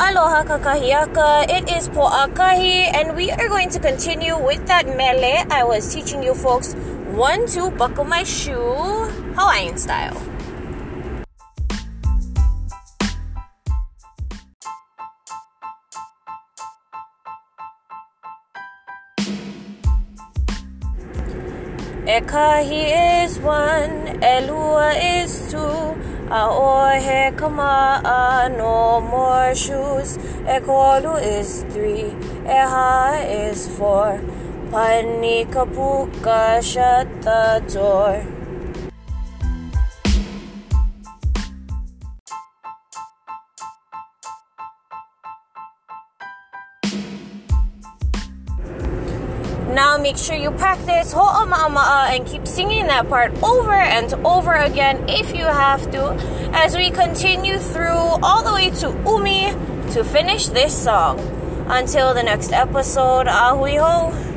Aloha Kakahiaka, it is Po'akahi, and we are going to continue with that mele I was teaching you folks. One, two, buckle my shoe, Hawaiian style. Ekahi is one, Elua is two or hekama no more shoes. A is three, Eha is four. Panikapuka, shut the door. Now make sure you practice Ho'oma'ama'a and keep singing that part over and over again if you have to as we continue through all the way to Umi to finish this song. Until the next episode, ahui ho!